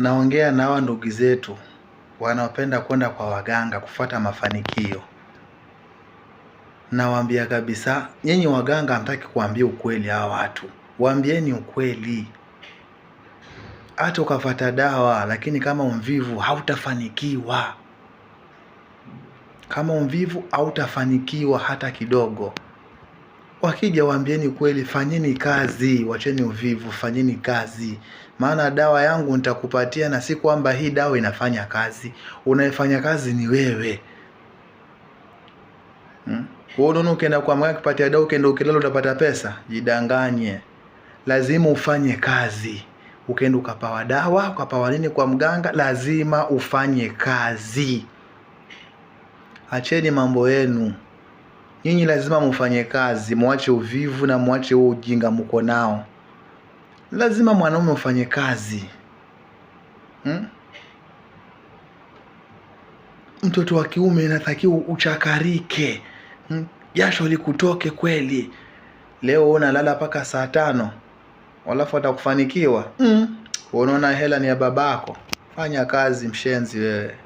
naongea na hawa ndugu zetu wanaopenda kwenda kwa waganga kufuata mafanikio, nawaambia kabisa, nyinyi waganga hamtaki kuambia ukweli. Hawa watu waambieni ukweli, hata ukafata dawa, lakini kama umvivu hautafanikiwa, kama umvivu hautafanikiwa hata kidogo wakija waambieni kweli, fanyeni kazi, wacheni uvivu, fanyeni kazi. Maana dawa yangu nitakupatia, na si kwamba hii dawa inafanya kazi. Unayefanya kazi ni wewe hmm? Unaona, ukienda kwa mganga kupatia dawa, ukienda ukilala utapata pesa? Jidanganye, lazima ufanye kazi. Ukienda ukapawa dawa ukapawa nini kwa mganga, lazima ufanye kazi. Acheni mambo yenu. Nyinyi lazima mfanye kazi, mwache uvivu na mwache huo ujinga mko nao. Lazima mwanaume ufanye kazi hmm? Mtoto wa kiume inatakiwa uchakarike hmm? Jasho likutoke kweli. Leo unalala mpaka saa tano walafu atakufanikiwa? Hmm? Unaona Hela ni ya babako. Fanya kazi mshenzi wewe.